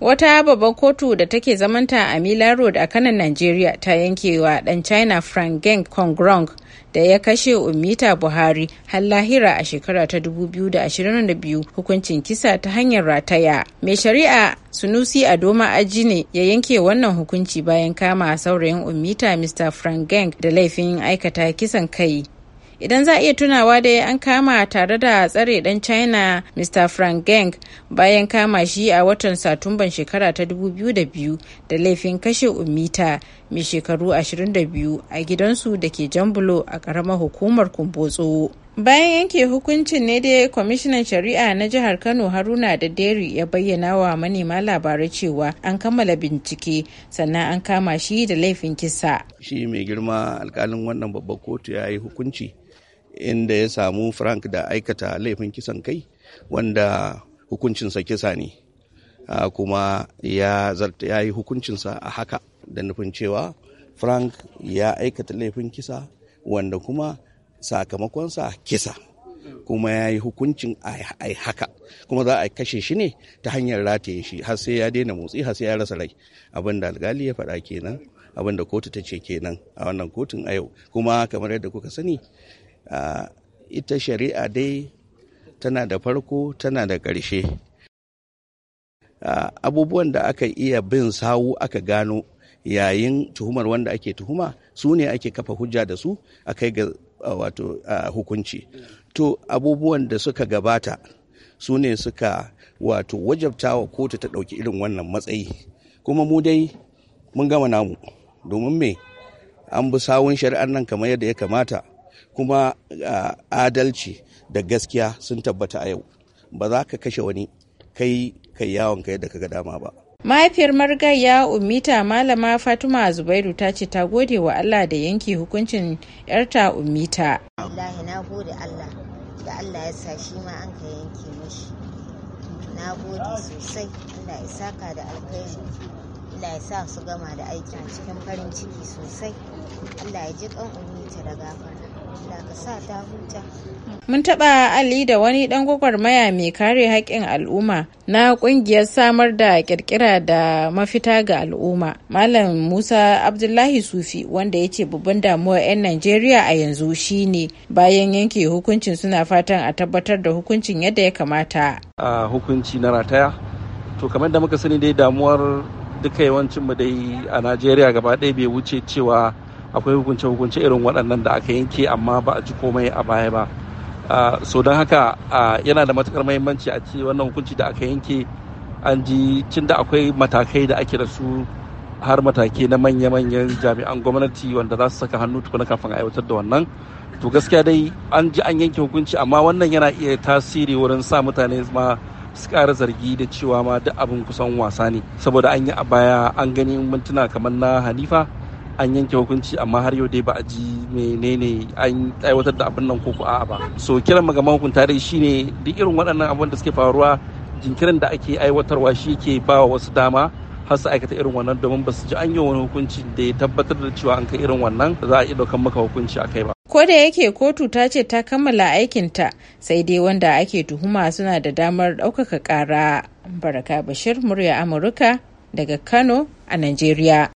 Wata babbar kotu da take zamanta a Milan Road a kanan nigeria ta yankewa ɗan China Frank Geng Kongrong da ya kashe Umita Buhari har lahira a shekara ta 2022 hukuncin kisa ta hanyar rataya. Mai shari'a Sunusi Adoma Aji ne ya yanke wannan hukunci bayan kama saurayin Umita Mr. Frank Geng da laifin aikata kisan kai. idan za a iya tunawa dai an kama tare da tsare dan china mr frank geng bayan kama shi a watan satumban shekara ta 2002 da laifin kashe umita mai shekaru 22 a gidansu da ke jambulo a karamar hukumar kumbotso bayan yanke hukuncin ne dai kwamishinan shari'a na jihar kano haruna da deri ya bayyana wa manema labarai cewa an kammala bincike sannan an kama shi da laifin kisa shi mai girma alkalin wannan babbar kotu ya yi hukunci inda ya samu frank da aikata laifin kisan kai wanda hukuncinsa kisa ne kuma ya yi hukuncinsa a haka da nufin cewa frank ya aikata laifin kisa wanda kuma sakamakonsa kisa kuma ya yi hukuncin a haka kuma za a kashe shi ne ta hanyar rataye shi har sai ya daina motsi har sai ya rasa rai abin da alkali ya faɗa kenan abin da kotu ta ce kenan a wannan kotun a yau kuma kamar yadda kuka sani ita shari'a dai tana da farko tana da ƙarshe abubuwan da aka iya bin sawu aka gano yayin tuhumar wanda ake tuhuma su ne ake kafa hujja da su a kai ga wato hukunci to abubuwan da suka gabata su ne suka wato wajabta wa kotu ta ɗauki irin wannan matsayi kuma mu dai mun gama namu domin me an bi sawun shari'ar nan kamar yadda ya kamata kuma adalci da gaskiya sun tabbata a yau ba za ka kashe wani kai kai yawon kai yadda ka ga dama ba mahaifiyar marigayya ummita malama fatima zubairu ta ce ta gode wa allah da yanke hukuncin yarta ummita Allah na gode allah da allah ya sa shi ma an ka yanke mashi na gode sosai allah ya saka da alkhairi allah ya sa su gama da aikin cikin farin ciki sosai allah ya ji kan ummita da gafara Mun taɓa Ali da wani ɗan gwagwarmaya mai kare haƙƙin al'umma na ƙungiyar samar da ƙirƙira da mafita ga al'umma. Malam Musa Abdullahi Sufi wanda ya ce babban damuwar 'yan Najeriya a yanzu shine bayan yanke hukuncin suna fatan a tabbatar da hukuncin yadda ya kamata. A hukunci na rataya, to kamar da muka sani dai damuwar duka yawancin mu dai a Najeriya gaba ɗaya bai wuce cewa akwai hukunce-hukunce irin waɗannan da aka yanke amma ba a ji komai a baya ba so don haka yana da matukar mahimmanci a ce wannan hukunci da aka yanke an ji cin da akwai matakai da ake da su har matakai na manya-manyan jami'an gwamnati wanda za su saka hannu tukuna kafin aiwatar da wannan to gaskiya dai an ji an yanke hukunci amma wannan yana iya tasiri wurin sa mutane ma su ƙara zargi da cewa ma duk abin kusan wasa ne saboda an yi a baya an gani mintuna kamar na hanifa an yanke hukunci amma har yau dai ba a ji menene an aiwatar da abin nan ko a'a ba so kiran mu ga mahukunta dai shine duk irin waɗannan abin da suke faruwa jinkirin da ake aiwatarwa shi ke ba wa wasu dama har su aikata irin wannan domin ba su ji an yi wani hukunci da ya tabbatar da cewa an kai irin wannan za a iya ɗaukan maka hukunci a kai ba. Ko da yake kotu ta ce ta kammala aikinta sai dai wanda ake tuhuma suna da damar ɗaukaka ƙara. Baraka Bashir, murya Amurka daga Kano a Najeriya.